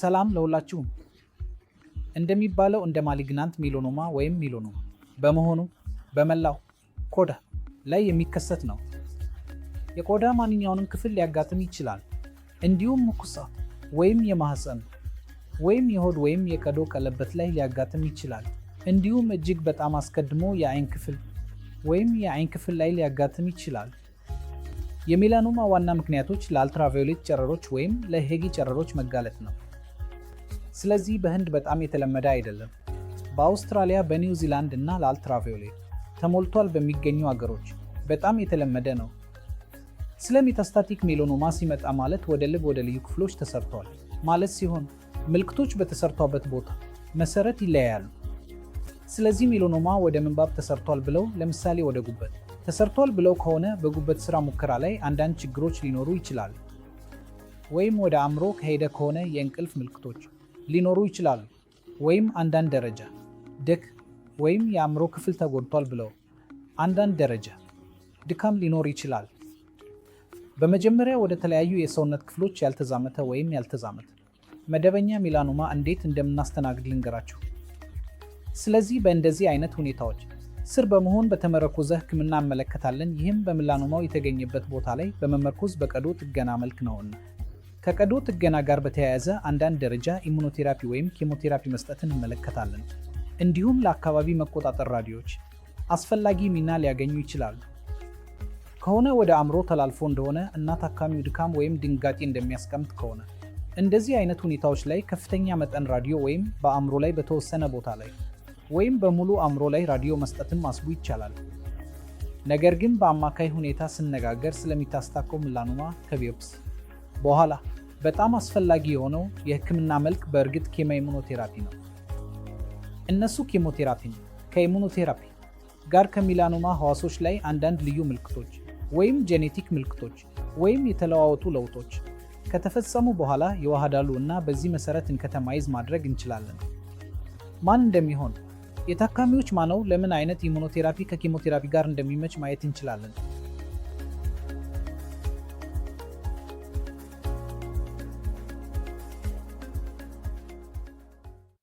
ሰላም ለሁላችሁም። እንደሚባለው እንደ ማሊግናንት ሚሊዮኖማ ወይም ሚሊዮኖማ በመሆኑ በመላው ቆዳ ላይ የሚከሰት ነው። የቆዳ ማንኛውንም ክፍል ሊያጋጥም ይችላል። እንዲሁም ምኩሳ ወይም የማህፀን ወይም የሆድ ወይም የቀዶ ቀለበት ላይ ሊያጋጥም ይችላል። እንዲሁም እጅግ በጣም አስቀድሞ የአይን ክፍል ወይም የአይን ክፍል ላይ ሊያጋጥም ይችላል። የሜላኖማ ዋና ምክንያቶች ለአልትራቫዮሌት ጨረሮች ወይም ለሄጌ ጨረሮች መጋለጥ ነው። ስለዚህ በህንድ በጣም የተለመደ አይደለም። በአውስትራሊያ፣ በኒው ዚላንድ እና ለአልትራቫዮሌት ተሞልቷል በሚገኙ አገሮች በጣም የተለመደ ነው። ስለ ሜታስታቲክ ሜሎኖማ ሲመጣ ማለት ወደ ልብ ወደ ልዩ ክፍሎች ተሰርተዋል ማለት ሲሆን ምልክቶች በተሰርቷበት ቦታ መሰረት ይለያያሉ። ስለዚህ ሜሎኖማ ወደ ምንባብ ተሰርቷል ብለው ለምሳሌ ወደ ጉበት ተሰርቷል ብለው ከሆነ በጉበት ስራ ሙከራ ላይ አንዳንድ ችግሮች ሊኖሩ ይችላሉ። ወይም ወደ አእምሮ ከሄደ ከሆነ የእንቅልፍ ምልክቶች ሊኖሩ ይችላሉ ወይም አንዳንድ ደረጃ ድክ ወይም የአእምሮ ክፍል ተጎድቷል ብለው አንዳንድ ደረጃ ድካም ሊኖር ይችላል። በመጀመሪያ ወደ ተለያዩ የሰውነት ክፍሎች ያልተዛመተ ወይም ያልተዛመተ መደበኛ ሚላኖማ እንዴት እንደምናስተናግድ ልንገራችሁ። ስለዚህ በእንደዚህ አይነት ሁኔታዎች ስር በመሆን በተመረኮዘ ህክምና እመለከታለን ይህም በሚላኖማው የተገኘበት ቦታ ላይ በመመርኮዝ በቀዶ ጥገና መልክ ነውና ከቀዶ ጥገና ጋር በተያያዘ አንዳንድ ደረጃ ኢሙኖቴራፒ ወይም ኬሞቴራፒ መስጠትን እንመለከታለን። እንዲሁም ለአካባቢ መቆጣጠር ራዲዮች አስፈላጊ ሚና ሊያገኙ ይችላሉ። ከሆነ ወደ አእምሮ ተላልፎ እንደሆነ እና ታካሚው ድካም ወይም ድንጋጤ እንደሚያስቀምጥ ከሆነ እንደዚህ አይነት ሁኔታዎች ላይ ከፍተኛ መጠን ራዲዮ ወይም በአእምሮ ላይ በተወሰነ ቦታ ላይ ወይም በሙሉ አእምሮ ላይ ራዲዮ መስጠትን ማስቡ ይቻላል። ነገር ግን በአማካይ ሁኔታ ስነጋገር ስለሚታስታከው ምላኑማ ከቢዮፕስ በኋላ በጣም አስፈላጊ የሆነው የህክምና መልክ በእርግጥ ኬሞ ኢሙኖቴራፒ ነው። እነሱ ኬሞቴራፒ ነው ከኢሙኖቴራፒ ጋር ከሚላኖማ ህዋሶች ላይ አንዳንድ ልዩ ምልክቶች ወይም ጄኔቲክ ምልክቶች ወይም የተለዋወጡ ለውጦች ከተፈጸሙ በኋላ ይዋሃዳሉ እና በዚህ መሰረት እንከተማይዝ ማድረግ እንችላለን። ማን እንደሚሆን የታካሚዎች ማነው ለምን አይነት ኢሙኖቴራፒ ከኬሞቴራፒ ጋር እንደሚመች ማየት እንችላለን።